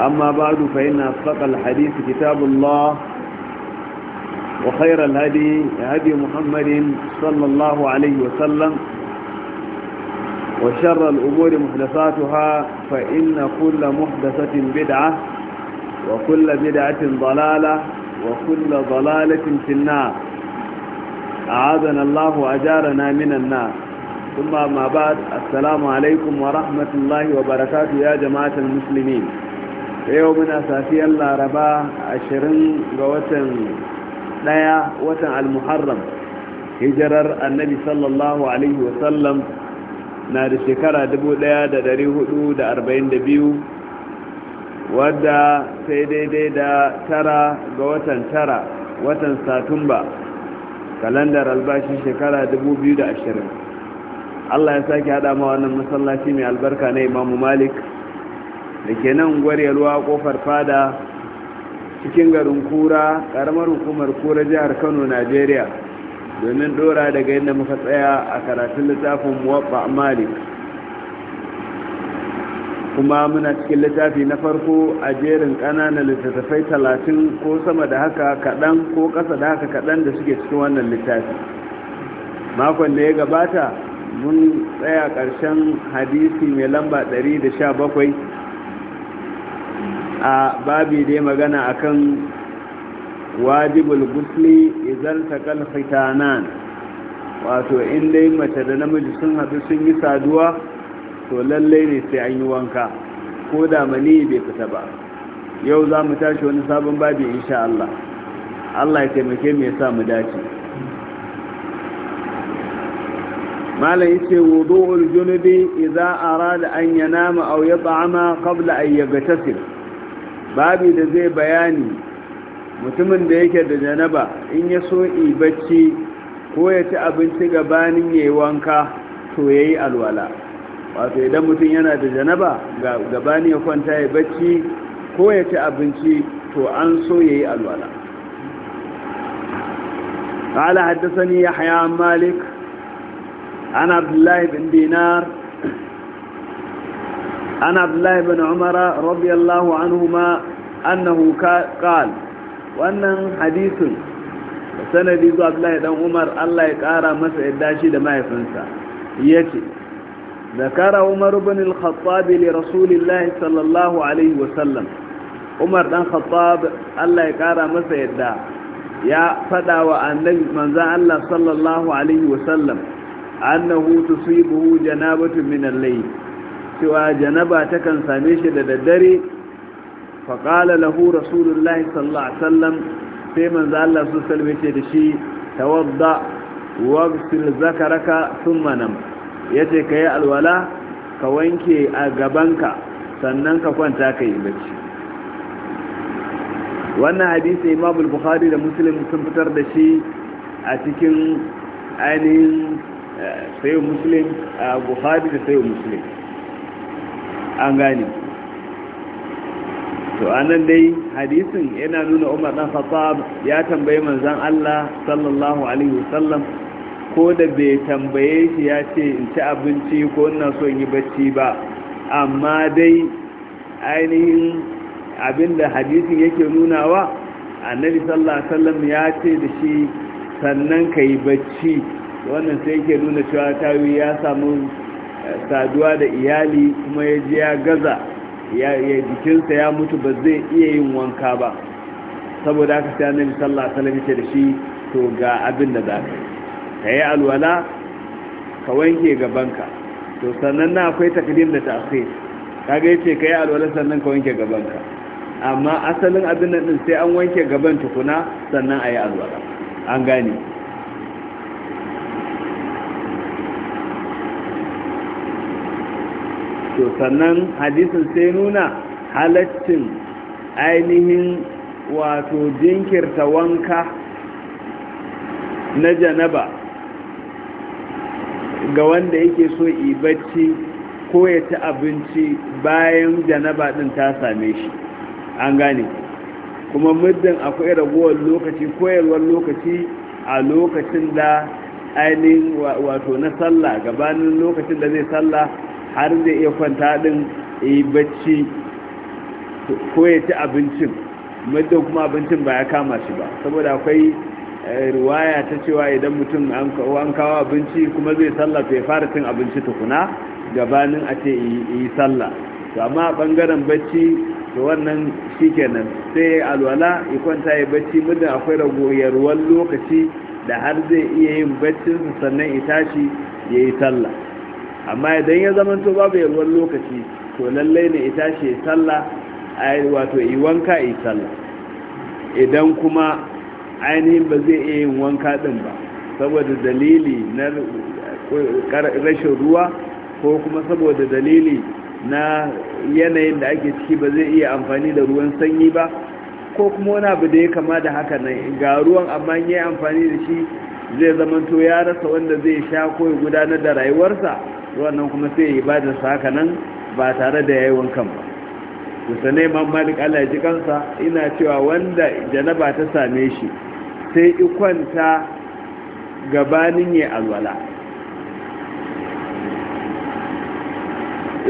أما بعد فإن أصدق الحديث كتاب الله وخير الهدي هدي محمد صلى الله عليه وسلم وشر الأمور محدثاتها فإن كل محدثة بدعة وكل بدعة ضلالة وكل ضلالة في النار أعاذنا الله وأجارنا من النار ثم ما بعد السلام عليكم ورحمة الله وبركاته يا جماعة المسلمين yau muna safiyar laraba ashirin ga watan daya watan almuharram hijirar annabi sallallahu alaihi wasallam na da shekara biyu, wadda sai daidai da tara ga watan tara watan satumba kalandar albashi shekara ashirin. Allah ya sake haɗa ma wannan masallaci mai albarka na imamu malik da ke nan gwarewa kofar fada cikin garin kura karamar hukumar kura jihar kano najeriya domin dora daga yadda muka tsaya a karatun littafin muwabba malik kuma muna cikin littafi na farko a jerin ƙananan littattafai talatin ko sama da haka kaɗan ko ƙasa da haka kaɗan da suke cikin wannan littafi makon da ya gabata mun tsaya karshen hadisi mai lamba 117 a babi dai magana akan wajibul gusli idan takal fitanan wato in dai mace da namiji sun haɗu sun yi saduwa to lallai ne sai an yi wanka ko da mani bai fita ba yau za mu tashi wani sabon babi insha Allah Allah ya taimake mu ya sa mu dace malam yace wudu'ul junubi idza arada an yanama aw yat'ama qabla an yaghtasil babi da zai bayani mutumin da yake da janaba in ya so bacci ko ya ci abinci gabanin ya yi wanka to ya yi alwala wato idan mutum yana da janaba gabanin ya kwanta ya bacci ko ya ci abinci to an so ya yi alwala قال حدثني يحيى عن مالك عن عبد الله بن دينار عن عبد الله بن عمر رضي الله عنهما أنه قال وأن حديث sanadi zuwa Abdullahi dan Umar Allah ya kara masa yadda shi da mahaifinsa yace zakara Umar ibn al-Khattab li sallallahu alaihi wa sallam Umar dan Khattab Allah ya kara masa yadda ya fada wa annabi manzon Allah sallallahu alaihi wa sallam annahu janabatu min cewa janaba ta kan same shi da daddare faƙala lahu rasulullahi sallallahu alaihi wasallam sai manzo Allah su salme ce da shi tawadda waghsil zakaraka thumma nam yace kai alwala ka wanke a gabanka sannan ka kwanta kai bacci wannan hadisi Imam al-Bukhari da Muslim sun fitar da shi a cikin ainihin eh, sayo Muslim a eh, Bukhari da sayo Muslim an gane to anan dai hadisin yana nuna umar dan khattab ya tambaye manzon Allah sallallahu alaihi wasallam ko da bai tambaye shi ya ce in ci abinci ko ina so in yi bacci ba amma dai ainihin abinda hadisin yake nunawa annabi sallallahu alaihi wasallam ya ce da shi sannan ka yi bacci wannan sai yake nuna cewa tawi ya samu saduwa da iyali kuma ya ji ya gaza ya jikinsa ya mutu ba zai iya yin wanka ba saboda aka sai annabi sallallahu alaihi wasallam yake da shi to ga abin da za ka yi ka yi alwala ka wanke gabanka to sannan na akwai takdim da ta'khir kaga yace ka yi alwala sannan ka wanke gabanka amma asalin abin nan din sai an wanke gaban tukuna sannan ayi alwala an gane to sannan hadisin sai nuna halaccin ainihin wato jinkirta wanka na janaba ga wanda yake so ibacci ko ya ci abinci bayan janaba din ta same shi an gane kuma muddin akwai ragowar lokaci koyarwar lokaci a lokacin da ainihin wato na sallah gabanin lokacin da zai sallah har zai iya kwanta din yi bacci ko ya ci abincin muddin kuma abincin ba ya kama shi ba saboda akwai eh, riwaya ta cewa idan mutum an kawo abinci kuma zai sallah to ya fara cin abinci tukuna gabanin a ce yi salla to amma bangaren bacci to wannan nan sai ya yi alwala ya kwanta ya bacci muddin akwai ragoyarwar lokaci da har zai iya yin baccinsa sannan ya tashi ya yi sallah amma idan ya zama babu yawan lokaci to lallai ne ita ce sallah wato yi wanka yi sallah idan kuma ainihin ba zai iya yin wanka din ba saboda dalili na rashin ruwa ko kuma saboda dalili na yanayin da ake ciki ba zai iya amfani da ruwan sanyi ba ko kuma wani abu da ya kama da haka nan ga ruwan amma yi amfani da shi zai zamanto ya rasa wanda zai sha ko gudanar da rayuwarsa wannan kuma sai ya ibada sa haka nan ba tare da yayi wankan ba to ne man malik Allah ya ji kansa ina cewa wanda janaba ta same shi sai ikwanta gabanin ya alwala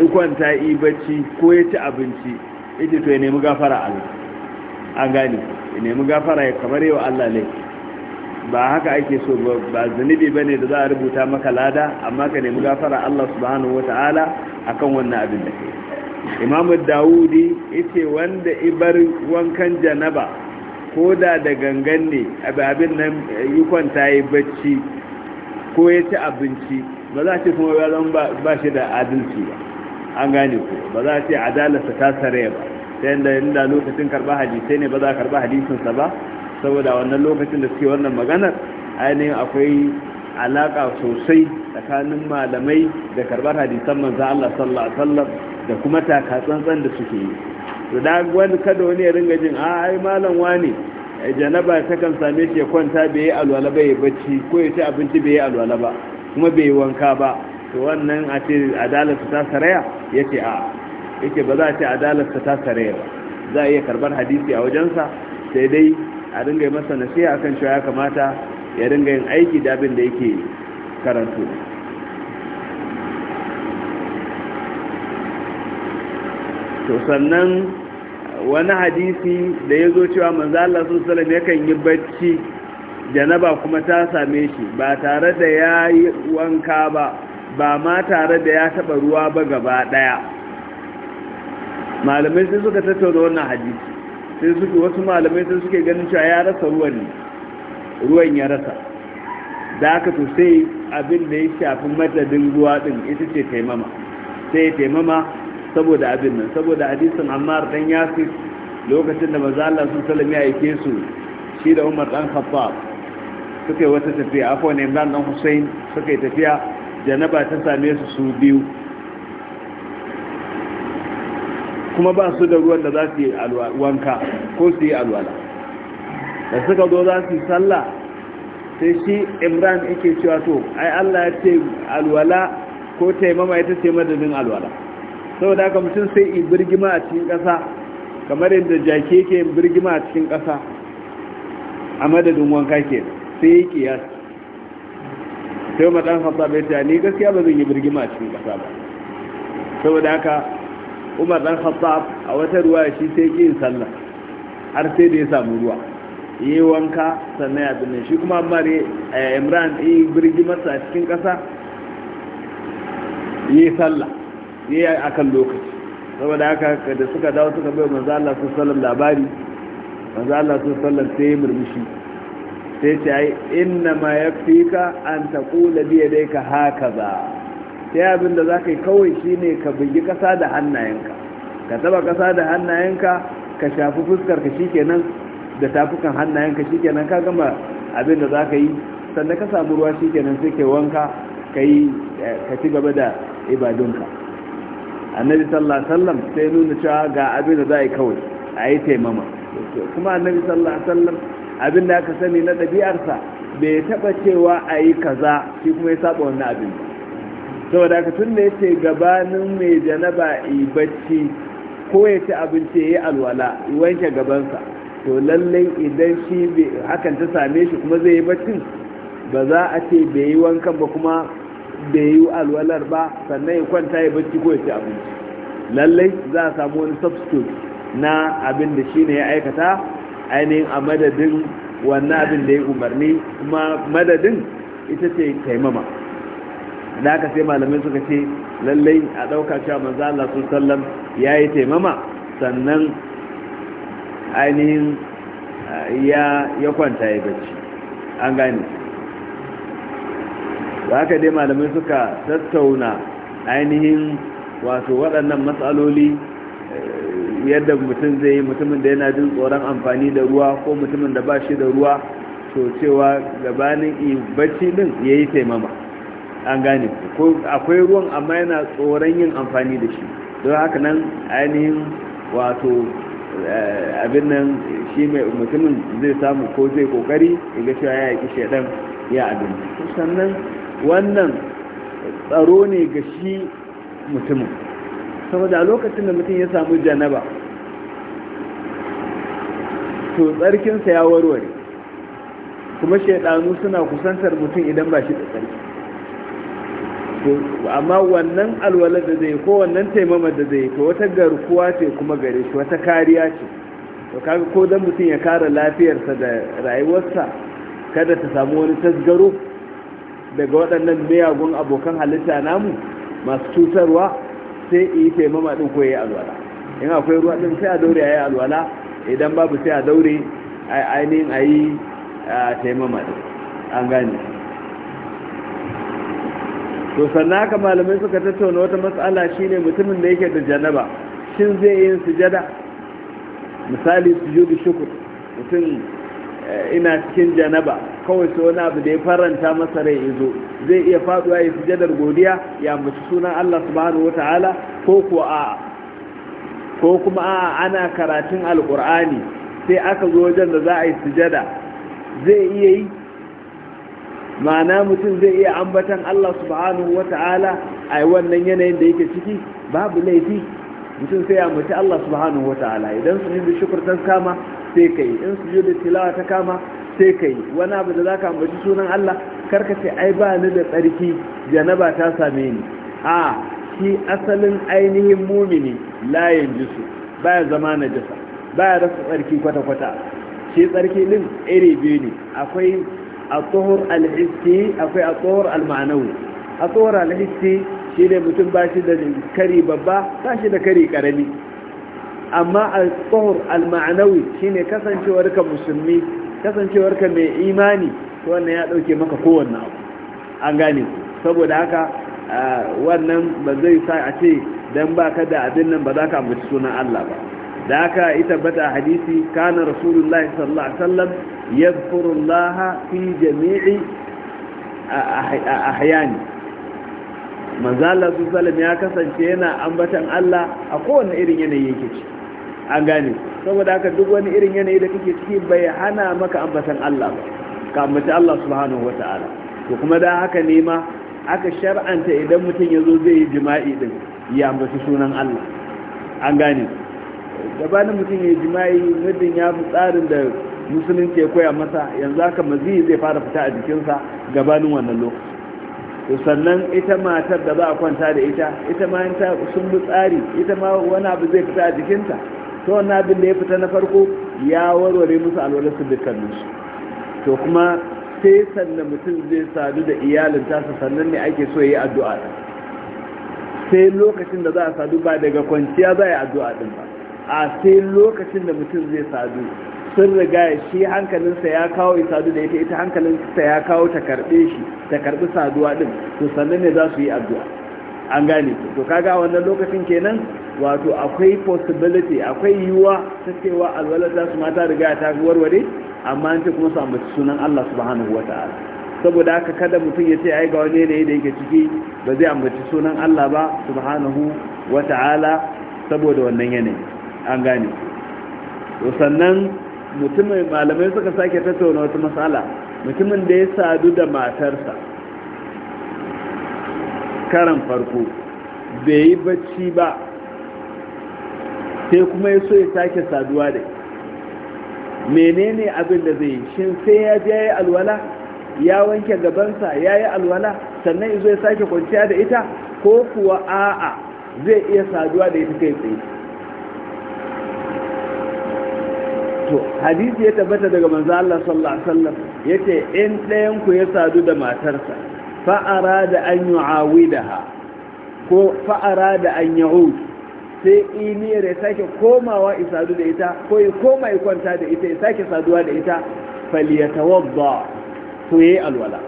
ikwanta yi bacci ko ya ci abinci ita to ya nemi gafara Allah an gane ya nemi gafara ya kamar yau Allah ne. ba haka ake so ba zunubi ba ne da za a rubuta maka lada amma ka nemi gafara Allah subhanahu wata'ala a kan wannan abin da ke imamu dawudi ita wanda ibar wankan janaba ko da da gangan ne abin nan yi kwanta yi bacci ko ya ci abinci ba za ce kuma ya zan ba shi da adalci ba an gane ku ba za a ce adalarsa ta sare ba sai inda lokacin karba hadisai ne ba za a karba hadisinsa ba saboda wannan lokacin da suke wannan maganar ainihin akwai alaka sosai tsakanin malamai da karbar hadisan manzan Allah sallallahu alaihi wasallam da kuma taka tsantsan da suke yi to da wani kada wani ya ringa jin a ah, ai malam wani janaba ta kan same shi ya kwanta bai yi alwala ba ya bacci ko ya ci abinci bai yi alwala ba kuma bai yi wanka ba to wannan a ce adalarsa ta saraya yake a yake ba za a ce adalarsa ta saraya ba za a iya karbar hadisi a wajensa sai dai a dinga masa a akan cewa ya kamata ya dinga yin aiki da abin da yake karanto to sannan wani hadisi da ya zo cewa manzo Allah sallallahu alaihi wasallam yakan yi bacci janaba kuma ta same shi ba tare da ya yi wanka ba ba ma tare da ya taba ruwa ba gaba ɗaya malamai sai suka tattauna wannan hadisi sai suke wasu malamai sai suke ganin cewa ya rasa ruwan ne ruwan ya rasa da aka to sai abin da ya shafi madadin ruwa din ita ce taimama sai taimama saboda abin nan saboda hadisin ammar dan yasir lokacin da manzo Allah sun salami aike su shi da Umar dan Khattab suka yi wata tafiya afwan Imran dan Hussein suka yi tafiya janaba ta same su su biyu kuma ba su da ruwan da za su yi wanka ko su yi alwala da suka zo za su yi sallah sai shi imran yake cewa to ai allah ya ce alwala ko taimama ita ce madadin alwala saboda haka mutum sai yi birgima a cikin ƙasa kamar yadda jake ke yin birgima a cikin ƙasa a madadin wanka ke sai yi kiyas sai matan hasa bai ta ni gaskiya ba zan yi birgima a cikin ƙasa ba saboda haka umar dan khattab a wata Ruwaya shi sai ki yin sallah har sai da ya samu ruwa yi wanka sannan ya binne shi kuma amma ne eh, imran yi birgi masa a cikin ƙasa yi sallah yi a kan lokaci saboda haka da suka dawo suka bai manzo Allah sun sallam labari manzo Allah sun sallam sai ya murmushi sai ce ai inna ma yafika an taqula bi yadayka hakaza sai abin da za ka yi kawai shi ne ka bugi ƙasa da hannayenka ka taba ƙasa da hannayenka ka shafi fuskar ka kenan da tafukan hannayenka shi kenan ka gama abin da za ka yi sannan ka samu ruwa shi kenan sai ke wanka ka yi eh, ka ci gaba da ibadunka annabi sallallahu alaihi wasallam sai nuna cewa ga abin da za a yi kawai a yi taimama kuma annabi sallallahu alaihi wasallam abin da aka sani na ɗabi'arsa bai taɓa cewa a yi kaza shi kuma ya saba wannan abin ba saboda ka tun da yace gabanin mai janaba yi bacci ko ya ci abinci ya yi alwala wanke gabansa to lallai idan shi hakan ta same shi kuma zai yi baccin ba za a ce bai yi wankan ba kuma bai yi alwalar ba sannan ya kwanta ya bacci ko ya ci abinci lallai za a samu wani substitute na abin da shi ne ya aikata ainihin a madadin wannan abin da ya umarni kuma madadin ita ce taimama da aka sai malamai suka ce lallai a ɗauka cewa manzo Allah sallam ya yi taimama sannan ainihin eh, ya kwanta ya bacci an gane da aka dai malamai suka tattauna ainihin wato waɗannan matsaloli eh, yadda mutum zai yi mutumin da yana jin tsoron amfani da ruwa ko mutumin da ba shi da ruwa to cewa gabanin bacci din ya yi taimama an gane ko akwai ruwan amma yana tsoron yin amfani da shi don haka nan ainihin wato eh, abin nan shi mai mutumin zai samu ko zai kokari ga cewa ya yaki shaidan ya abin sannan wannan tsaro ne ga shi mutumin saboda a lokacin da mutum ya samu janaba to tsarkinsa ya warware kuma shaidanu suna kusantar mutum idan ba shi da tsarki amma wannan alwala da zai ko wannan taimama da zai to wata garkuwa ce kuma gare shi wata kariya ce to kaga ko dan mutum ya kare lafiyarsa da rayuwarsa kada ta samu wani tasgaro daga waɗannan miyagun abokan halitta namu masu cutarwa sai yi taimama din ko yi alwala in akwai ruwa din sai a daure ayi alwala idan babu sai a daure ainihin ayi taimama din an gane to sannan haka malamai suka tattauna wata matsala shine mutumin da yake da janaba shin zai yin sujada misali sujudu shukr mutum eh, ina cikin janaba kawai sai wani abu da ya faranta masa rai izo zai iya faduwa ya sujadar godiya ya mace sunan Allah subhanahu wataala ko ko ko kuma a ana karatun alqur'ani sai aka zo wajen da za a yi sujada zai iya yi ma'ana mutum zai iya ambatan Allah subhanahu wa ta'ala a wannan yanayin da yake ciki babu laifi mutum sai ya mutu Allah subhanahu wa ta'ala idan su yi shukur shukurtar kama sai ka yi in su yi da tilawa ta kama sai ka yi wani abu da za ka ambaci sunan Allah karka ce ai ba ni da tsarki janaba ta same ni a shi asalin ainihin mumini layin jisu baya zama na jisa baya rasa tsarki kwata-kwata shi tsarki din iri biyu ne akwai الطهر الحسي أكوي الطهر المعنوي الطهر الحسي شيء متن باشي دا كري بابا باشي دا al-ma'anawi shine الطهر المعنوي شيء كسن شوارك مسلمي كسن شوارك من إيماني وانا يأتوكي مكا قوة النار أنغاني saboda haka wannan ba zai sa a ce dan ba ka da abin nan ba za ka ambaci sunan Allah ba da haka ita bata hadisi kana rasulullahi sallallahu alaihi wasallam يذكر الله في جميع أحيانه manzala su salam ya kasance yana ambatan Allah a kowane irin yanayi yake ci an gane saboda haka duk wani irin yanayi da kake ciki bai hana maka ambatan Allah ba ka ambaci Allah subhanahu wata'ala to kuma da haka ne ma aka shar'anta idan mutum ya zo zai yi jima'i din ya ambaci sunan Allah an gane Da gabanin mutum ya yi jima'i muddin ya fi tsarin da musulunci ya koya masa yanzu haka mazi zai fara fita a jikinsa gabanin wannan lokacin. sannan ita matar da za a kwanta da ita ita ma yanta sun bi tsari ita ma wani abu zai fita a jikinta to wannan abin da ya fita na farko ya warware musu alwalarsu su? to kuma sai sannan mutum zai sadu da iyalin tasa sannan ne ake so yi addu'a sai lokacin da za a sadu ba daga kwanciya za a yi addu'a din ba a sai lokacin da mutum zai sadu sun riga shi hankalinsa ya kawo isadu da ita ita hankalinsa ya kawo ta karbe shi ta karbi saduwa din to sannan ne za su yi addu'a an gane to kaga wannan lokacin kenan wato akwai possibility akwai yiwuwa ta cewa alwalar za su mata riga ta warware amma an ce kuma su ambaci sunan Allah subhanahu wata'ala saboda haka kada mutum ya ce ai ga wani yanayi da yake ciki ba zai ambaci sunan Allah ba subhanahu wata'ala saboda wannan yanayi an gane to sannan mutumin malamai suka sake tattauna wata matsala mutumin da ya sadu da matarsa karan farko bai yi bacci ba sai kuma ya so ya sake saduwa da menene abin da zai shin sai ya je ya alwala ya wanke gabansa ya yi alwala sannan izo ya sake kwanciya da ita ko kuwa a'a zai iya saduwa da ita kai tsaye wato hadisi ya tabbata daga manzo Allah sallallahu alaihi wasallam yace in ɗayan ku ya sadu da matarsa fa arada an yu'awidaha ko fa arada an yu'ud sai ini ya sake komawa ya sadu da ita ko ya koma ya kwanta da ita ya sake saduwa da ita falyatawadda to yayi alwala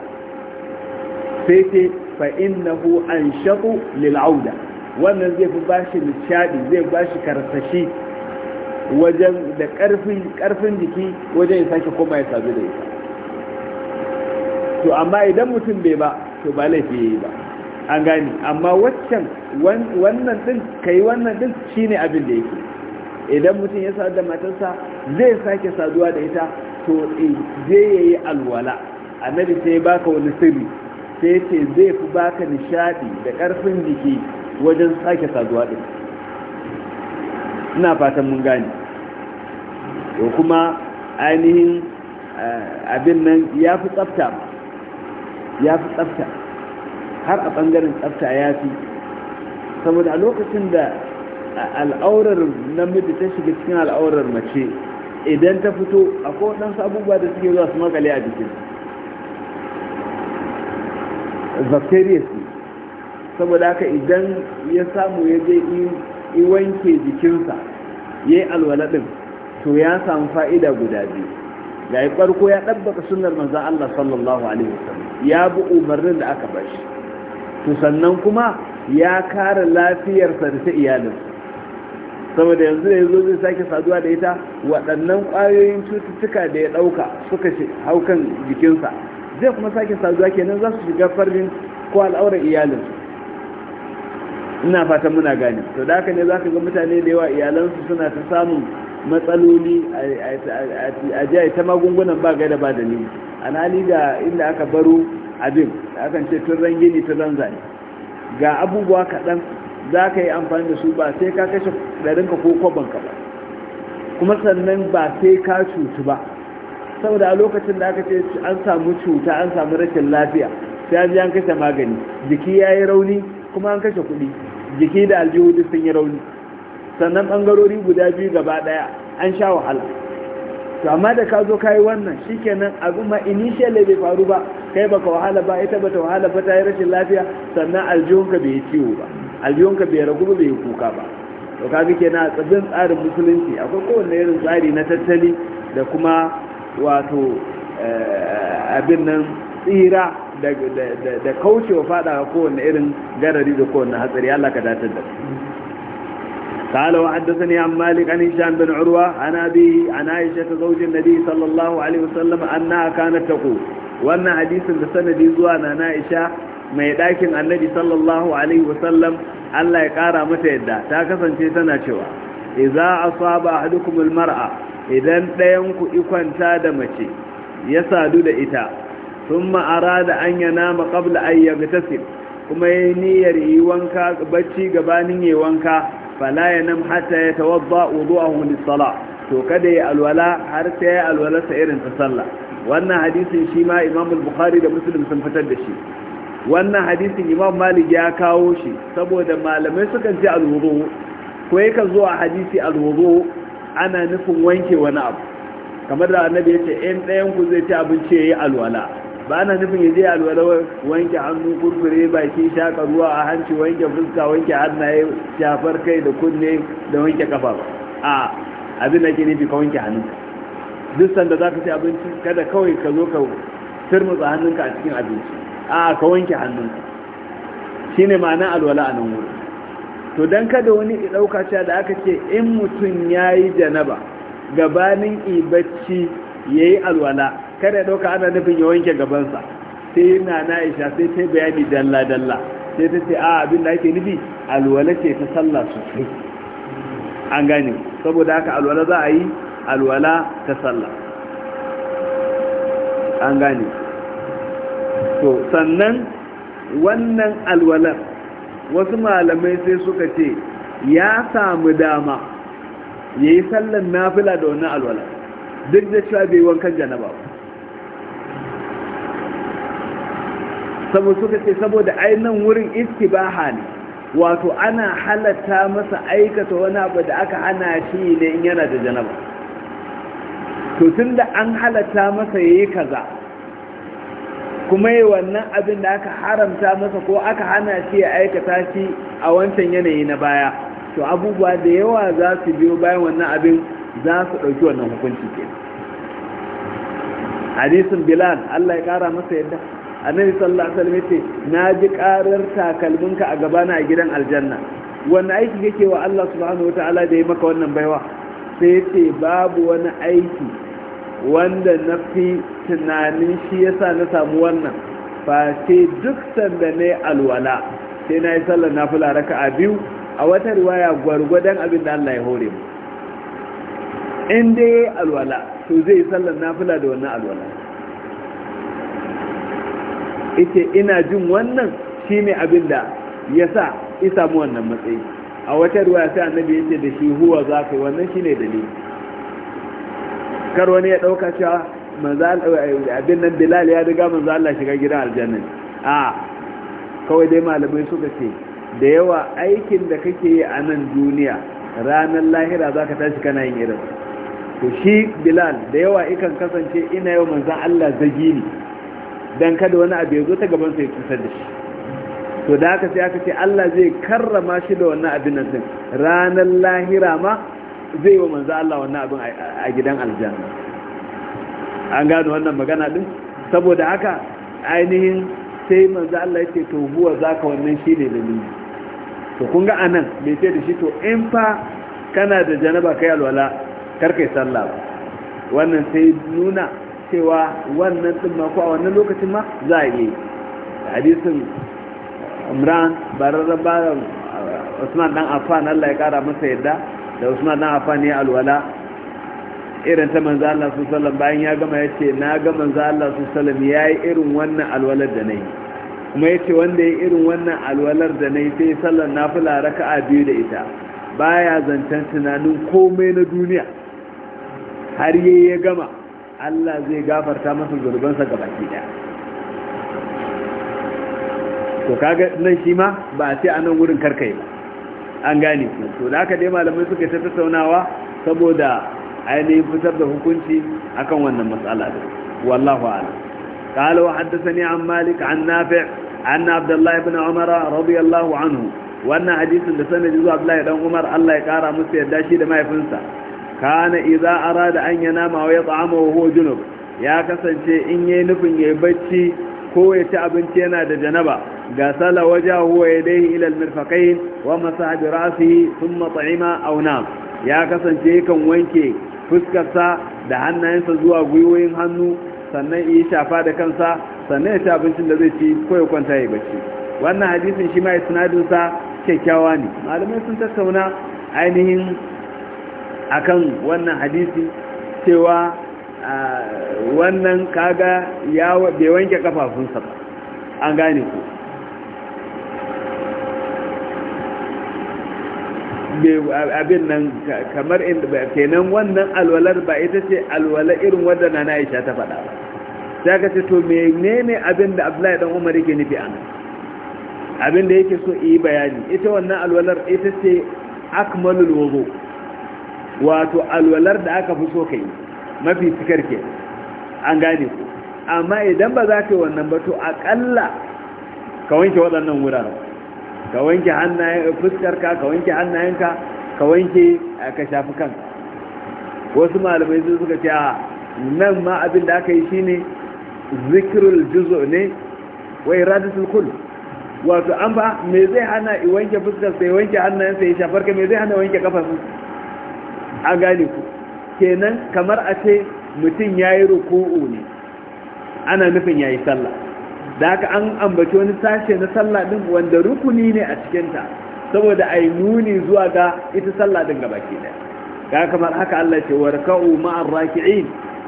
sai ce fa innahu anshaqu lil'auda wannan zai fi bashi nishadi zai bashi karsashi wajen da karfin jiki wajen ya sake koma ya sabu da ita to amma idan mutum bai ba to ba laifi yayi ba an gani amma waccan wannan din kai wannan din shine abin da yake idan mutum ya sadu da matarsa zai sake saduwa da ita to zai yayi alwala annabi sai baka wani sirri sai ce zai fi baka nishadi da karfin jiki wajen sake saduwa da ita ina fatan mun gane to kuma ainihin eh, abin nan ya fi tsafta ya fi tsafta har a ɓangaren tsafta ya fi saboda a lokacin da al'aurar namiji ta shiga cikin al'aurar mace idan ta fito akwai waɗansu abubuwa da suke zuwa su makale a jikin bacteria saboda haka idan ya samu ya je wanke jikinsa ya yi alwala ɗin to ya samu fa'ida guda biyu ga yi ƙwarko ya ɗabbaka sunar manzan Allah sallallahu Alaihi wasallam ya bi umarnin da aka bashi to sannan kuma ya kare lafiyarsa da ta iyalinsa saboda yanzu da zo zai sake saduwa da ita waɗannan ƙwayoyin cututtuka da ya ɗauka suka haukan jikinsa zai kuma sake saduwa kenan za su shiga farin ko al'aurar iyalinsu. ina fatan muna gani to da haka ne za ka ga mutane da yawa iyalansu suna ta samun matsaloli a jiya ta magungunan ba gaida ba da a alhali ga inda aka baro abin da aka ce tun rangini ta zanzani ga abubuwa kaɗan za ka yi amfani da su ba sai ka kashe ɗarinka ko ka ba kuma sannan ba sai ka cutu ba saboda a lokacin da aka ce an samu cuta an samu rashin lafiya sai an an kashe magani jiki ya yi rauni kuma an kashe kuɗi jiki da aljihu sun yi rauni sannan bangarori guda biyu gaba ɗaya an sha wahala to amma da ka zo kayi wannan shikenan abu ma initially bai faru ba kai baka wahala ba ita bata wahala ba ta yi rashin lafiya sannan aljihunka bai ciwo ba aljihunka bai ragu ba bai kuka ba to fi kenan a tsabin tsarin musulunci akwai kowane irin tsari na tattali da kuma wato eh, abin nan tsira da kaucewa fada kowanne irin garari da kowane hatsari Allah ka datar da قال وحدثني عن مالك عن هشام بن عروة عن أبيه عن عائشة زوج النبي صلى الله عليه وسلم أنها كانت تقول وأن حديث بسند يزوان عن عائشة mai ɗakin annabi sallallahu alaihi wasallam Allah ya ƙara mata yadda ta kasance tana cewa iza asaba ahadukum almar'a idan ɗayan ku ikwanta da mace ya sadu da ita ma'ara da anyana ينام قبل أن يغتسل kuma ya yi niyyar yi wanka bacci gabanin yi wanka fala ya nam hatta ya tawadda a lis-sala to kada ya alwala har ta ya alwala sa irin ta sallah wannan hadisin shi ma Imam al-Bukhari da Muslim sun fitar da shi wannan hadisin Imam Malik ya kawo shi saboda malamai suka ci al-wudu ko zo a hadisi al ana nufin wanke wani abu kamar da annabi ya ce in ɗayan ku zai ci abinci ya yi alwala ba na nufin ya je alwalawar wanke hannu kurkure baki shaka ruwa a hanci wanke fuska wanke hannaye shafar kai da kunne da wanke kafa ba a abin da ke nufi ka wanke hannu. duk sanda za ka ci abinci kada kawai ka zo ka turmutsa hannunka a cikin abinci a ka wanke hannunka shi ne ma'ana alwala a nan wuri to don kada wani ya ɗauka cewa da aka ce in mutum ya yi janaba gabanin ibacci ya yi alwala kada ya ɗauka ana nufin ya wanke gabansa sai yana na isha sai ta bayani dalla-dalla sai ta ce a abin da ake nufi alwala ce ta sallah sosai an gane saboda haka alwala za a yi alwala ta sallah an gane to sannan wannan alwalar wasu malamai sai suka ce ya samu dama ya yi sallan nafila da wannan alwala duk da cewa bai wankan janaba ba saboda suka ce saboda ainihin wurin iski ba ne wato ana halatta masa aikata wani abu da aka hana shi ne in yana da janaba to tun da an halatta masa ya yi kaza kuma yi wannan abin da aka haramta masa ko aka hana shi ya aikata shi a wancan yanayi na baya to abubuwa da yawa za su biyo bayan wannan abin za su ɗauki wannan hukunci ke hadisun bilal allah ya ƙara masa yadda annabi sallallahu alaihi wasallam yace na ji karar takalminka a gaba a gidan aljanna wanda aiki yake wa Allah subhanahu wataala da ya maka wannan baiwa sai yace babu wani aiki wanda na fi tunanin shi yasa na samu wannan fa sai duk sanda ne alwala sai na yi sallar nafila raka'a biyu a wata riwaya gwargwadon abin da Allah ya hore mu in dai alwala to zai sallar nafila da wannan alwala ita ina jin wannan shi ne abin da ya sa isa mu wannan matsayi a wata ruwa sai annabi ya ce da shi huwa za ka wannan shi ne dalili kar wani ya ɗauka cewa abin nan bilal ya riga manzo Allah shiga gidan aljanna a kawai dai malamai suka ce da yawa aikin da kake yi a nan duniya ranar lahira za ka tashi kana yin irin to shi bilal da yawa ikan kasance ina yau manzo Allah zagi ni Dan kada wani abu ya zo ta gabansa ya kusa da shi to da aka sai aka ce Allah zai karrama shi da wannan abin nan ranar lahira ma zai wa manzo Allah wannan abin a gidan aljanna an gano wannan magana din saboda haka ainihin sai manzo Allah yake to huwa zaka wannan ne dalili to kun ga anan me ce da shi to in fa kana da janaba kai alwala kar sallah wannan sai nuna cewa wannan din ma ko a wannan lokacin ma za a yi hadisin umran bararren bayan uh, usman dan affan Allah ya kara masa yadda da usman dan affan ya alwala irin ta manzo Allah su sallam bayan ya gama ya ce na ga manzo Allah su sallam ya yi irin wannan alwalar da nayi kuma ya ce wanda ya irin wannan alwalar da nayi sai sallar nafila raka'a biyu da ita baya zancen tunanin komai na duniya har yayi ya gama Allah zai gafarta masa zurbansa ga baki daya to kaga nan shi ma ba a ce a nan wurin karkai ba an gane ku to da aka dai malamai suka ta tattaunawa saboda ainihin fitar da hukunci akan wannan matsala da wallahu haddasa قال وحدثني عن مالك عن نافع أن عبد الله بن عمر رضي الله عنه وأن حديث لسنة جزء عبد الله بن عمر الله يقارى مسيح shi da يفنسه kana ara da an yanama wa yat'ama wa huwa junub ya kasance in yayi nufin yayi bacci ko ya ci abinci yana da janaba dai وجهه ويديه إلى المرفقين ومسح برأسه ثم طعم أو auna ya kasance kan wanke fuskarsa da hannayensa zuwa gwiwoyin hannu sannan yi shafa da kansa sannan ya ci abincin da zai ci ko ya kwanta ya bacci wannan hadisin shi ma isnadinsa kyakkyawa ne malamai sun tattauna ainihin akan wannan hadisi cewa wannan kaga ya bai wanke kafafunsa ba an gane ku abin nan kamar kenan wannan alwalar ba ita ce alwala irin wadda na aisha ta faɗa ba sai ka ce to ne abin da abdullahi dan umar yake nufi a abin da yake so yi bayani ita wannan alwalar ita ce akmalul wudu wato alwalar da aka fi so ka yi mafi cikar ke an gane ku amma idan ba za ka yi wannan ba to akalla ka wanke waɗannan wuraren ka wanke hannayen fuskarka ka wanke hannayenka ka wanke eh, ka shafi kanka wasu malamai sun suka ce a nan ma abin da aka yi shi ne zikirul juzo ne wai radisul kul. wato an ba me zai hana i wanke fuskar sai wanke hannayen sai shafar ka me zai hana wanke kafafu a gane ku kenan kamar a ce mutum ya yi ruku'u ne ana nufin ya yi sallah da haka an ambaci wani sashe na sallah din wanda rukuni ne a cikinta saboda a yi nuni zuwa ga ita sallah din gaba ke Da ga kamar haka Allah ce warka'u ma'ar raki'in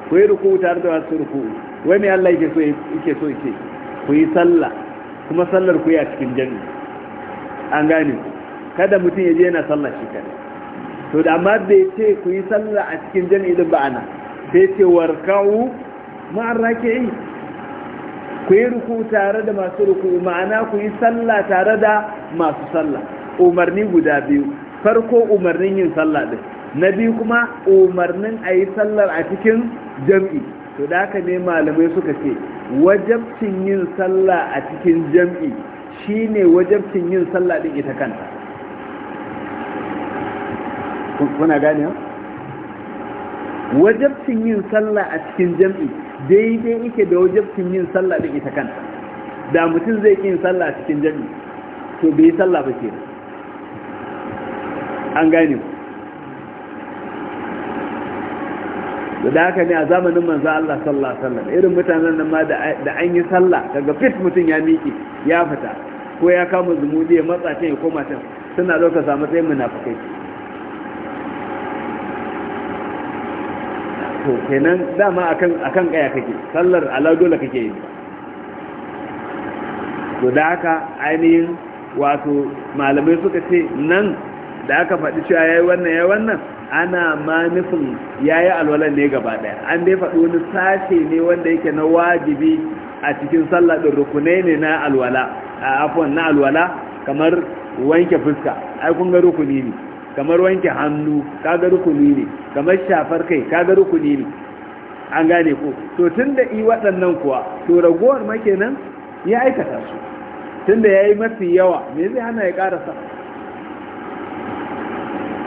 ku yi ruku'u tare da wasu ruku'u wai mai Allah yake so yake so yake ku yi sallah kuma sallar ku yi a cikin jami'i an gane kada mutum ya je yana sallah shi kadai to da amma bai ce ku yi sallah a cikin jami'in ba ana sai ce warka'u ma'an yi. ku yi ruku tare da masu ruku ma'ana ku yi sallah tare da masu sallah umarni guda biyu farko umarnin yin sallah din na biyu kuma umarnin a yi sallar a cikin jam'i to da haka ne malamai suka ce wajabcin yin sallah a cikin jam'i shine wajabcin yin sallah din ita kanta kuna gane wajabcin yin sallah a cikin jam'i daidai yake da wajabcin yin sallah da ita kanta da mutum zai yin sallah a cikin jam'i to bai yi sallah ba ke an gane ku da haka ne a zamanin manzo Allah sallah sallah irin mutanen nan ma da an yi sallah daga fit mutum ya miki ya fita ko ya kama zumudi ya matsa can ya koma can suna ɗauka samu matsayin munafukai to kenan dama akan akan kaya kake sallar ala dole kake yi to da haka ainihin wato malamai suka ce nan da aka faɗi cewa yayi wannan yayi wannan ana ma nufin yayi alwalan ne gaba daya an dai faɗi wani sashe ne wanda yake na wajibi a cikin sallar din rukunai ne na alwala a afwan na alwala kamar wanke fuska ai kun ga rukuni ne kamar wanke hannu kaga rukuni ne kamar shafar kai kaga rukuni ne an gane ko to tunda i waɗannan kuwa to ragowar makenan ya aikata su tunda yayi mafi yawa me zai hana ya karasa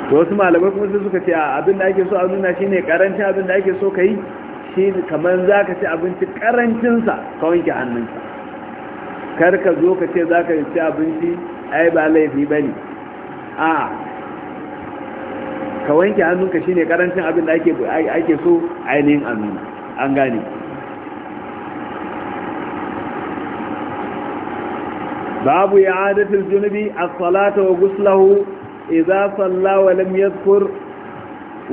to wasu malamai kuma sai suka ce a abin da ake so a nuna shine karancin abin da ake so kai shi kamar zaka ci abinci karancin sa ka wanke hannunka kar ka zo ka ce zaka ci abinci ai ba laifi bane a ka wanke hannunka shine karancin abin da ake ake so ainihin amin an gane babu i'adatul junubi as-salata wa ghusluhu idza salla wa lam yadhkur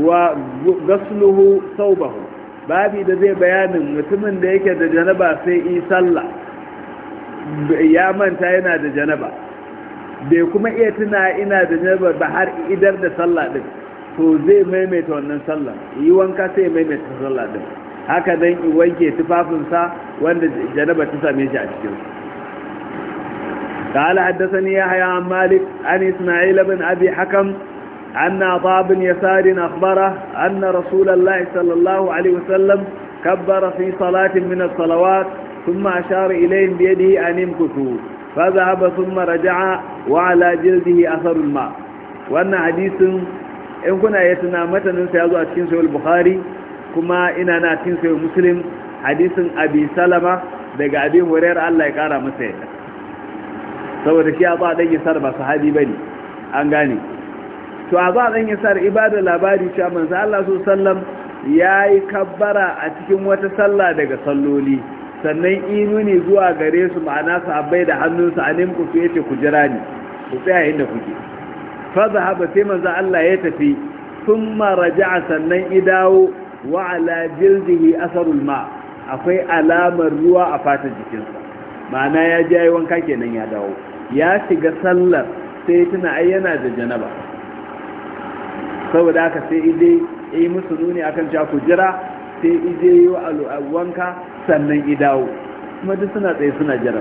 wa ghusluhu thawbahu babi da zai bayanin mutumin da yake da janaba sai yi sallah ya manta yana da janaba bai kuma iya tuna ina da janaba ba har idar da sallah din to zai maimaita wannan sallah yi wanka sai maimaita sallah din haka dan i wanke tufafinsa wanda janaba ta same shi a cikin قال حدثني يحيى عن مالك عن إسماعيل بن أبي حكم أن عطاء بن يسار أخبره أن رسول الله صلى الله عليه وسلم كبر في صلاة من الصلوات ثم أشار إليهم بيده أن يمكثوا فذهب ثم رجع وعلى جلده أثر الماء وأن حديث in kuna ya tuna mataninsa ya zo a cikin sayar bukhari kuma ina na cikin sayar muslim hadisin abi salama daga abi hurairar allah ya kara masa yadda saboda shi a ba dan yasar ba sahabi bane an gane to a ba dan sar ibada labari cewa manzo allah sallam yayi kabbara a cikin wata sallah daga salloli sannan ne zuwa gare su ma'ana sahabbai da hannunsu a nimku su yace ku jira ni ku tsaya inda kuke fa zahaba sai manzo Allah ya tafi thumma raja'a sannan idawo wa ala jildihi asarul ma akwai alamar ruwa a fatan jikinsa ma'ana ya ji yayi wanka kenan ya dawo ya shiga sallar sai tuna ai yana da janaba saboda haka sai ije yi musu nuni akan cewa ku jira sai ije yi wa wanka sannan idawo kuma duk suna tsaye suna jira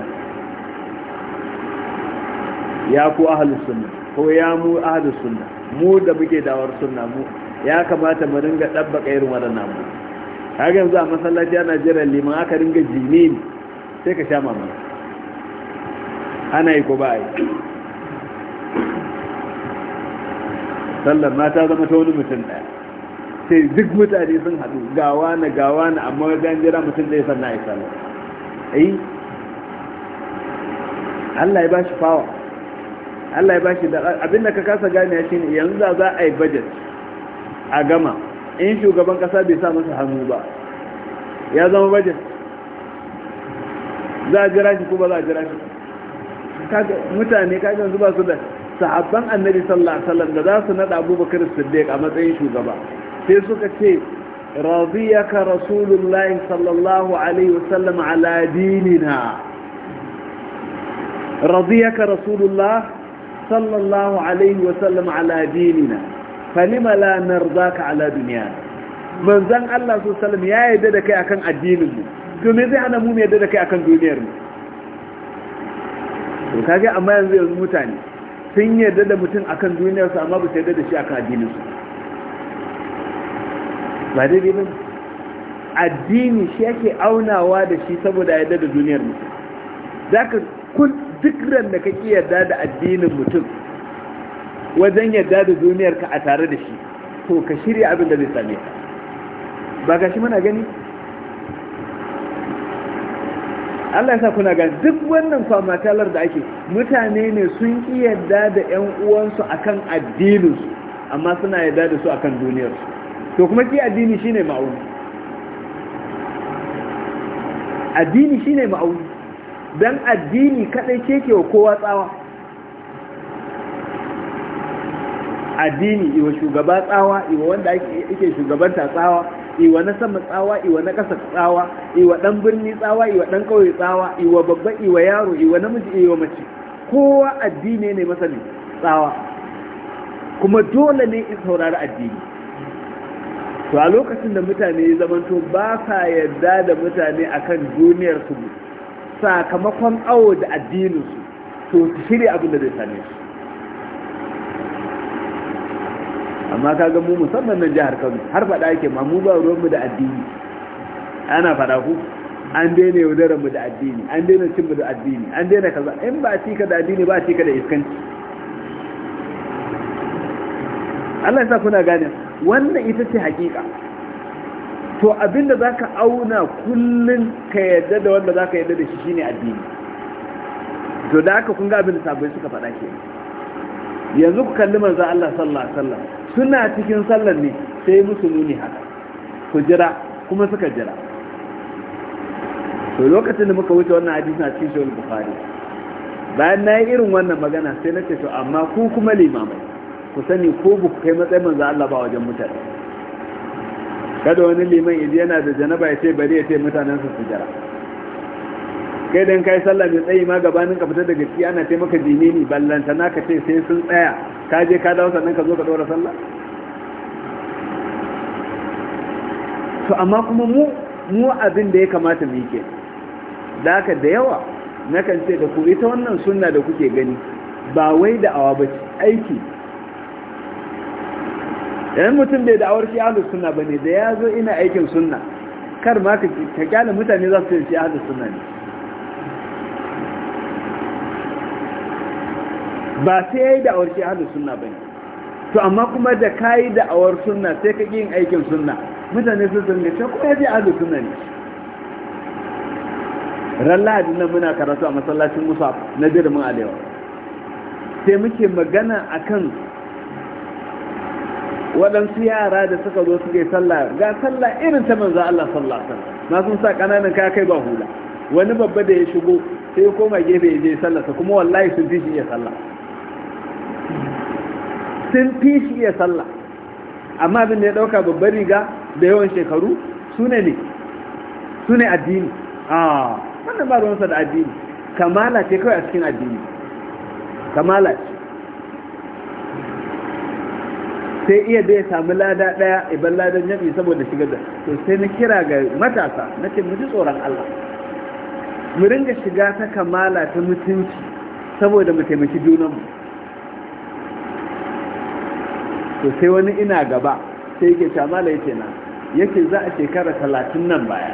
ya ku ahlus sunnah ko ya mu ahadu sunna mu da muke dawar sunna mu ya kamata mu ringa ɗabba irin waɗannan mu kaga yanzu a masallaci a Najeriya liman aka ringa jini sai ka sha mamaki ana yi ko ba yi sallar mata ta zama ta wani mutum ɗaya sai duk mutane sun haɗu gawa na gawa na amma wajen jira mutum ɗaya sannan a yi sallar eh? Allah ya ba shi fawa Allah ya bashi da abinda ka kasa gane shine yanzu da za a yi budget a gama in shugaban kasa bai sa masa hannu ba ya zama budget za a jira shi ko ba za a jira shi mutane kaga yanzu ba su da sahabban annabi sallallahu alaihi wasallam da za su nada abubakar siddiq a matsayin shugaba sai suka ce radiyaka rasulullahi sallallahu alaihi wasallam ala dinina radiyaka rasulullah صلى الله عليه وسلم على ديننا فلما لا نرضاك على دنيانا من زن الله صلى الله عليه وسلم يا يددك أكن الدين domin zai hana mu mai yadda kai akan duniyar mu to kage amma yanzu yanzu mutane sun yarda da mutum akan duniyar su amma ba su yarda da shi akan addinin su ba daidai ba addini shi yake aunawa da shi saboda yarda da duniyar mutum. duk ran da kake yarda da addinin mutum wajen yarda da duniyar ka a tare da shi to ka shirya abin da zai same ka ba ga shi muna gani Allah ya sa kuna gani duk wannan talar da ake mutane ne sun ki yarda da ƴan uwansu akan addininsu amma suna yarda da su akan duniyarsu to kuma ki addini shine ma'auni addini shine ma'auni don addini kadai ce ke wa kowa tsawa addini iwa shugaba tsawa iwa wanda ake shugabanta tsawa iwa na sama tsawa iwa na ƙasa tsawa iwa ɗan birni tsawa iwa ɗan ƙauye tsawa iwa babba iwa yaro iwa namiji iwa mace kowa addini ne masa ne tsawa kuma dole ne in saurari addini to a lokacin da mutane ya zamanto ba sa yarda da mutane akan duniyar su sakamakon awo da addininsu to su shirya abin da zai same su amma kaga mu musamman nan jihar kano har faɗa ake ma mu ba ruwanmu da addini ana fada ku an daina yaudararmu da addini an daina cinmu da addini an daina kaza in ba shi cika da addini ba shi cika da iskanci Allah ya sa kuna gane wannan ita ce hakika to abinda za ka auna kullum ka yadda da wanda za ka yadda da shi shi ne addini to da aka kunga abinda sabbin suka faɗa ke yanzu ku kalli manza Allah sallallahu alaihi wasallam suna cikin sallar ne sai musu nuni haka ku jira kuma suka jira to lokacin da muka wuce wannan hadisi na cikin shawul bukhari bayan na yi irin wannan magana sai na ce to amma ku kuma limamai ku sani ko ku kai matsayin manza Allah ba wajen mutane kada wani liman idi yana da janaba ya ce bari ya ce mutanen su sujara kai dan kai sallah mai tsayi ma gabanin ka fita daga ciki ana ce maka ne ballanta na ka ce sai sun tsaya ka je ka dawo sannan ka zo ka dora sallah to amma kuma mu mu abin da ya kamata mu yi ke da haka da yawa na kan ce da ku ita wannan sunna da kuke gani ba wai da awa ba aiki yan mutum bai da'awar shi ahlus sunna bane da ya zo ina aikin sunna kar ma ka kyale mutane za su yi shi ahlus sunna ne ba sai yayi da'awar shi ahlus sunna bane to amma kuma da kai da'awar sunna sai ka yin aikin sunna mutane su zanga ce ko yaji ahlus sunna ne ran lahadin nan muna karatu a masallacin musaf na birnin alewa sai muke magana akan waɗansu yara da suka zo suke sallah ga sallah irin ta manzo Allah sallallahu alaihi wasallam na sun sa kananan kaya kai ba hula wani babba da ya shigo sai koma gefe ya je sa kuma wallahi sun fi shi iya sallah sun fi shi iya sallah amma abin da ya ɗauka babbar riga da yawan shekaru su ne ne su ne addini ah wannan ba ruwansa da addini kamala ce kawai a cikin addini kamala ce sai iya da ya samu lada daya iban ladan yabi saboda shigar da to sai na kira ga matasa na ce muji tsoron Allah mu ringa shiga ta kamala ta mutunci saboda mu taimaki mu to sai wani ina gaba sai yake mala yake na yake za a shekara talatin nan baya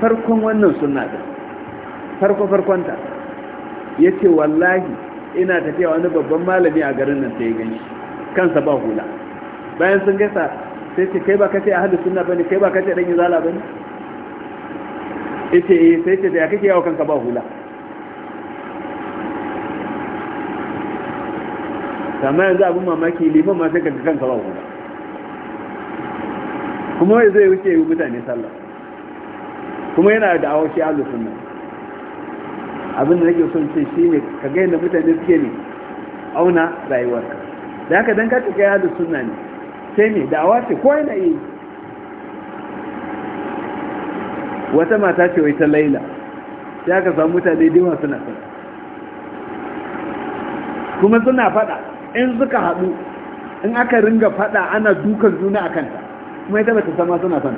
farkon wannan suna da farko-farkonta yake wallahi ina tafiya wani babban malami a garin nan sai ya ganshi kansa ba hula bayan sun gasa sai ce kai ba ka ce ahadu sunna bane kai ba ka ce dan izala bane yace eh sai ce da kake yawo kanka ba hula kamar yanzu abin mamaki liman ma sai ka kanka ba hula kuma wai zai wuce yi mutane sallah kuma yana da awo shi ahlu sunna abin da nake son ce shine ka ga yadda mutane suke ne auna rayuwarka da haka don kaci kaya da suna ne sai ne awa ce ko yana yi wata mata ce wai ta laila sai aka samu mutane da yawa suna fada kuma suna fada in suka haɗu in aka ringa fada ana dukan juna a kanta kuma ita ta sama suna son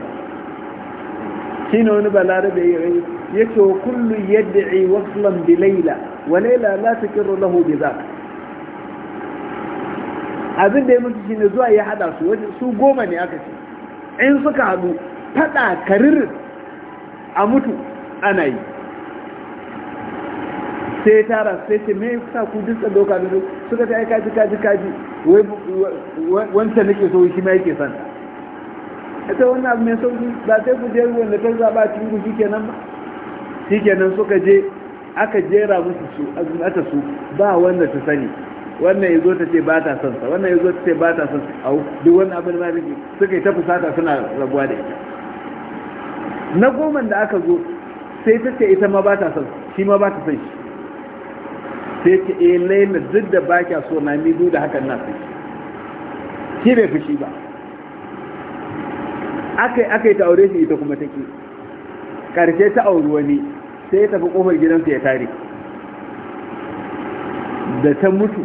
shi ne wani balarabe ya ce wa kullum yadda'i wasu lambi laila wa laila la takirru lahu bi ka abin da ya mutu shine zuwa ya hada su wajen su goma ne aka ce in suka hadu fada karir a mutu ana yi sai ya tara sai ce me sa ku dinsa doka da suka ta aika jika jika ji wancan nake so shi ma yake santa ita wannan abu mai sauki ba sai ku je wanda ta zaba cikin ku shikenan ba shikenan suka je aka jera musu su azumata su ba wanda ta sani wannan ya zo ta ce ba ta son sa wannan ya zo ta ce ba ta son sa au duk wani abin ma rike suka yi ta fusata suna rabuwa da ita na goman da aka zo sai ta ce ita ma ba ta son shi ma ba ta son shi sai ta eh laila duk da ba kya so na ni duk da hakan na son shi shi bai fushi ba akai akai ta aure shi ita kuma take karshe ta auri wani sai ya tafi kofar gidansa ya tare da ta mutu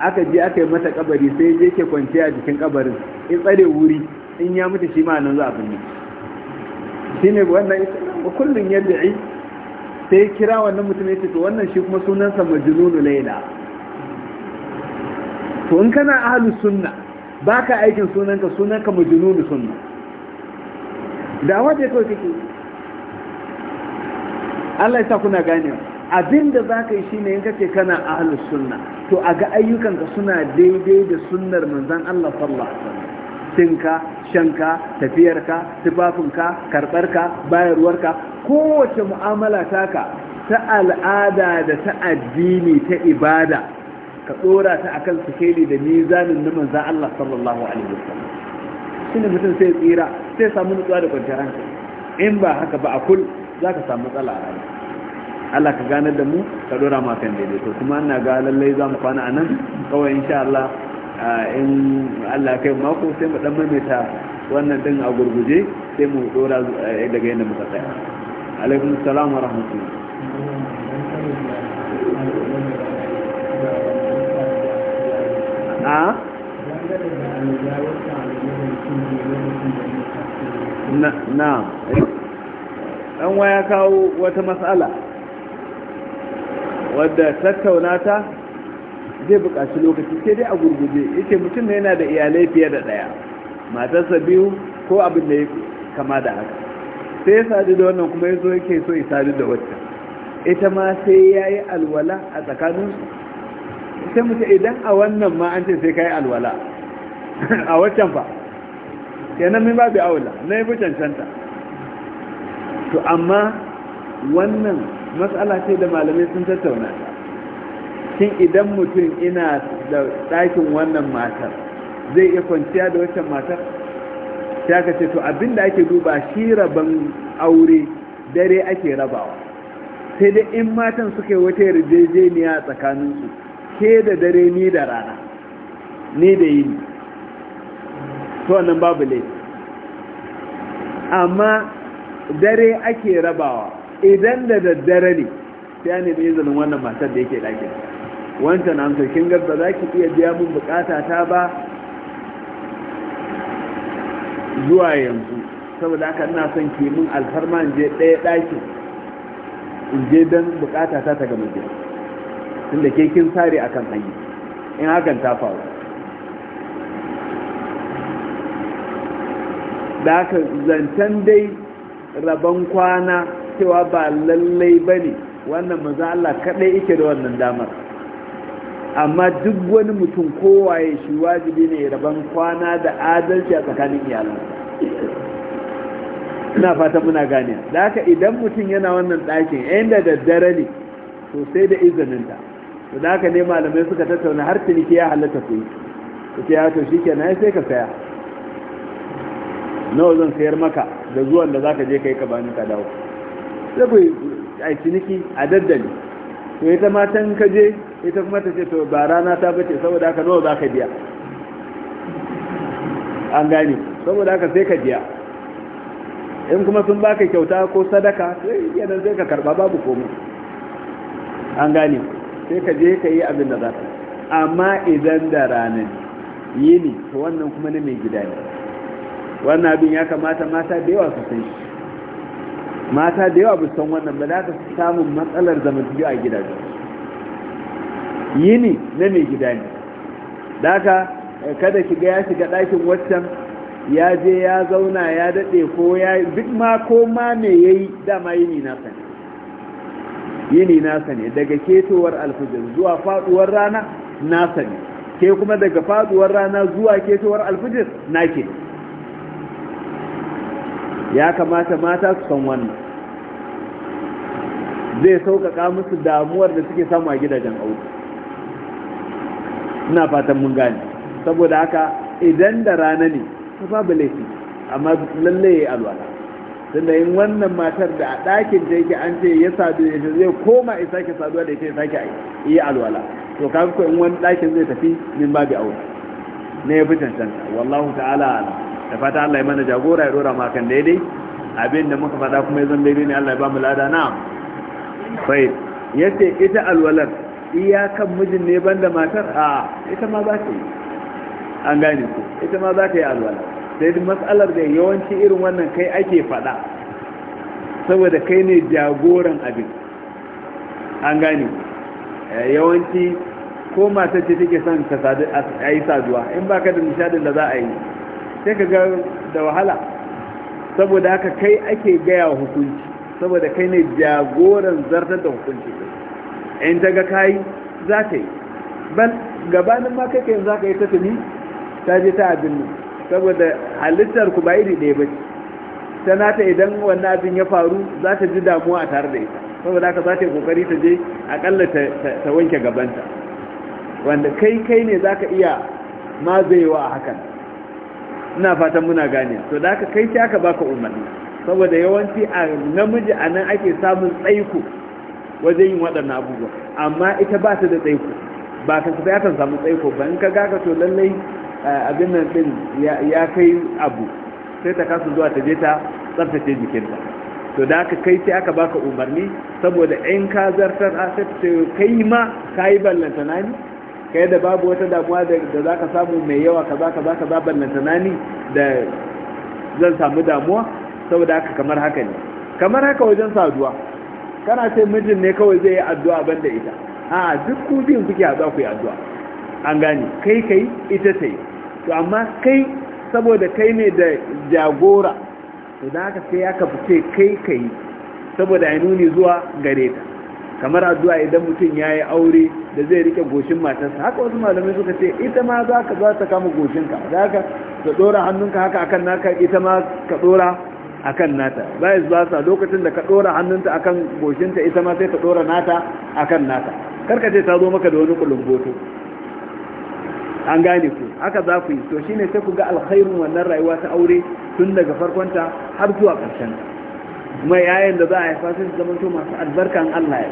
aka je aka yi mata kabari sai je ke kwanciya a jikin kabarin in tsare wuri in ya mutu shi ma nan za a binne shi ne wannan ita kullum ya da'i sai kira wannan mutum ya ce to wannan shi kuma sunansa majnunu laila to in kana ahlus sunna baka aikin sunanka sunanka majnunu sunna da wanda kawai kake Allah ya sa kuna gane abinda zaka yi shine in kake kana ahlus sunna to a ga ayyukanka suna daidai da sunnar manzan Allah sallallahu alaihi wasallam tinka shanka tafiyarka tufafinka karɓarka bayarwarka kowace mu'amala taka ta al'ada da ta addini ta ibada ka tsorata ta akan sikeli da mizanin na manzan Allah sallallahu alaihi wasallam shine mutum sai tsira sai samu nutsuwa da kwanciyar hankali in ba haka ba a kul za samu matsala a rayuwa Allah ka ganar da mu ka dora ma kan daidai to kuma ina ga lallai za mu kwana a nan kawai insha Allah in Allah kai mako sai mu dan maimaita wannan din a gurguje sai mu dora eh, daga yadda muka tsaya alaikum salam wa rahmatullah a ah? na na ɗan waya kawo wata matsala wadda tattauna ta zai buƙaci lokaci sai dai a gurguje yake mutum ne yana da iyalai fiye da ɗaya matarsa biyu ko abin da ya kama da haka sai ya sadu da wannan kuma ya zo yake so ya sadu da wata ita ma sai ya yi alwala a tsakaninsu sai mutum idan a wannan ma an ce sai ka yi alwala a waccan fa kenan min babu aula na yi fi cancanta to amma wannan matsala ce da malamai sun tattauna shin idan mutum ina da ɗakin wannan matar zai iya kwanciya da wancan matar ta ka ce to abinda ake duba shi rabon aure dare ake rabawa sai dai in matan suka yi wata yarjejeniya a tsakaninsu ke da dare ni da rana ni da yini to wannan babu laifi amma dare ake rabawa idan da daddare ne sai ne mai zanen wannan matar da yake ɗakin wancan an sarkin ga za ki iya biya mun bukata ta ba zuwa yanzu saboda aka ina son ke mun alfarma in je ɗaya ɗakin in je don bukata ta ta gama biya tunda ke kin sare akan hanyar in hakan ta faru da haka zancen dai rabon kwana cewa ba lallai ba ne wannan maza Allah kaɗai ike da wannan damar amma duk wani mutum kowaye shi wajibi ne rabon kwana da adalci a tsakanin iyalan ina fata muna gane da haka idan mutum yana wannan ɗakin inda eh, da daddare ne sosai da izininta to da haka ne malamai suka tattauna har ciniki ya halatta su yi ya ah, to shi ke na sai ka saya nawa zan sayar maka da zuwan da za ka je ka yi ka bani ka dawo sai ku a ciniki a daddali to ita ma can ka je ita kuma ta ce to ba rana ta bace saboda haka nawa za ka biya an gane saboda haka sai ka biya in kuma sun baka kyauta ko sadaka sai yana sai ka karba babu komai an gane sai ka je ka yi abin da za ka amma idan da ranar yi ne to wannan kuma na mai gida ne wannan abin ya kamata mata da yawa su san shi mata da yawa bisan wannan ba za ta samun matsalar zamantakewa a gidaje yini na mai gida ne Da ka, eh, kada shiga ya shiga ɗakin waccan ya je ya zauna ya daɗe ko ya duk ma ko ma me ya yi dama yini na sani yini na sani daga ketowar alfijir zuwa faɗuwar rana na sani ke kuma daga faɗuwar rana zuwa ketowar alfijir na ke ya kamata mata su san wannan zai sauƙaƙa musu damuwar da suke samu a gidajen aure ina fatan mun gane saboda haka idan da rana ne ta babu laifi amma lalle ya yi alwala tunda in wannan matar da a ɗakin ta yake an ce ya sadu ya zai koma ya sake saduwa da ita ya sake yi alwala to kaga ko in wani ɗakin zai tafi min babu aure ne ya fi cancanta wallahu ta'ala ala. da fata Allah ya mana jagora ya dora makan daidai abin da muka faɗa kuma ya zan daidai ne Allah ya ba mu lada na sai yace ita alwalar iyakan mijin ne banda matar a ita ma za ta yi an gane ku ita ma za ta yi alwalar. sai duk matsalar da yawanci irin wannan kai ake faɗa saboda kai ne jagoran abin an gane eh, yawanci ko matar ce take son a yi saduwa in baka da nishadin da za a yi sai ka ga da wahala saboda haka kai ake gaya wa hukunci saboda kai ne jagoran zartar da hukunci in ta ga kayi za ta yi ban gabanin ma kai kayan za ka yi ta tuni ta je ta abin nan saboda halittar ku ba iri ɗaya ba ta nata idan wannan abin ya faru za ta ji damuwa a tare da ita saboda haka za ta yi kokari ta je akalla ta wanke gabanta wanda kai kai ne za ka iya mazayewa a hakan ina fatan muna gane to da aka kai sai baka umarni saboda yawanci a namiji a nan ake samun tsaiko wajen yin waɗannan abubuwa amma ita ba ta da tsaiko ba ta sai akan samu tsaiko ba in ka ga ka to lallai eh, abin nan din ya kai abu sai ta kasu zuwa ta je ta tsaftace jikinta to da aka kai sai aka baka umarni saboda in ka zartar a sai kai ma ka yi ballanta na ne kai da babu wata damuwa da za ka samu mai yawa ka ka za ka ba ballanta tunani da zan samu damuwa saboda haka kamar haka ne kamar haka wajen saduwa kana ce mijin ne kawai zai yi addu'a banda ita a duk ku biyun kuke a ku yi addu'a an gane kai kai ita ta yi to amma kai saboda kai ne da jagora to da haka sai ya kafi ce kai kai saboda ya nuni zuwa gare ta kamar addu'a idan mutum ya yi aure da zai rike goshin matarsa haka wasu malamai suka ce ita ma za ka za ta kama goshinka za ka ka ɗora hannunka haka akan naka ita ma ka ɗora akan nata bai zuwa sa lokacin da ka ɗora hannunta akan goshinta ita ma sai ka ɗora nata akan nata karka ce ta zo maka da wani kulumboto an gane ku haka za ku yi to shine sai ku ga alkhairun wannan rayuwa ta aure tun daga farkonta har zuwa ƙarshenta kuma yayin da za a haifa sun zama to masu albarkan Allah ya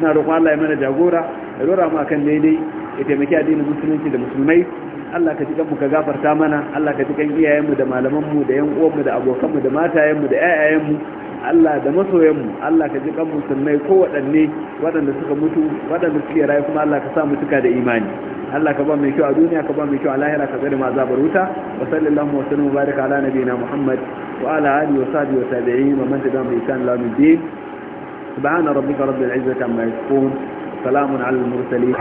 suna roƙon Allah ya mana jagora ya rora mu akan daidai ya taimaki addinin musulunci da musulmai Allah ka cikan mu ka gafarta mana Allah ka cikan iyayen mu da malaman mu da yan uwan mu da abokan mu da matayen da ƴaƴayen Allah da masoyanmu Allah ka ji kan musulmai ko waɗanne waɗanda suka mutu waɗanda suke rayu kuma Allah ka sa mu cika da imani Allah ka ba mai kyau a duniya ka ba mai kyau a lahira ka tsare ma zabar wuta wa sallallahu wa sallam baraka ala nabiyina Muhammad wa ala alihi wa sahbihi wa tabi'in wa man tabi'ahum bi ihsan ila yawm الدين سبحان ربك رب العزة عما salamun سلام على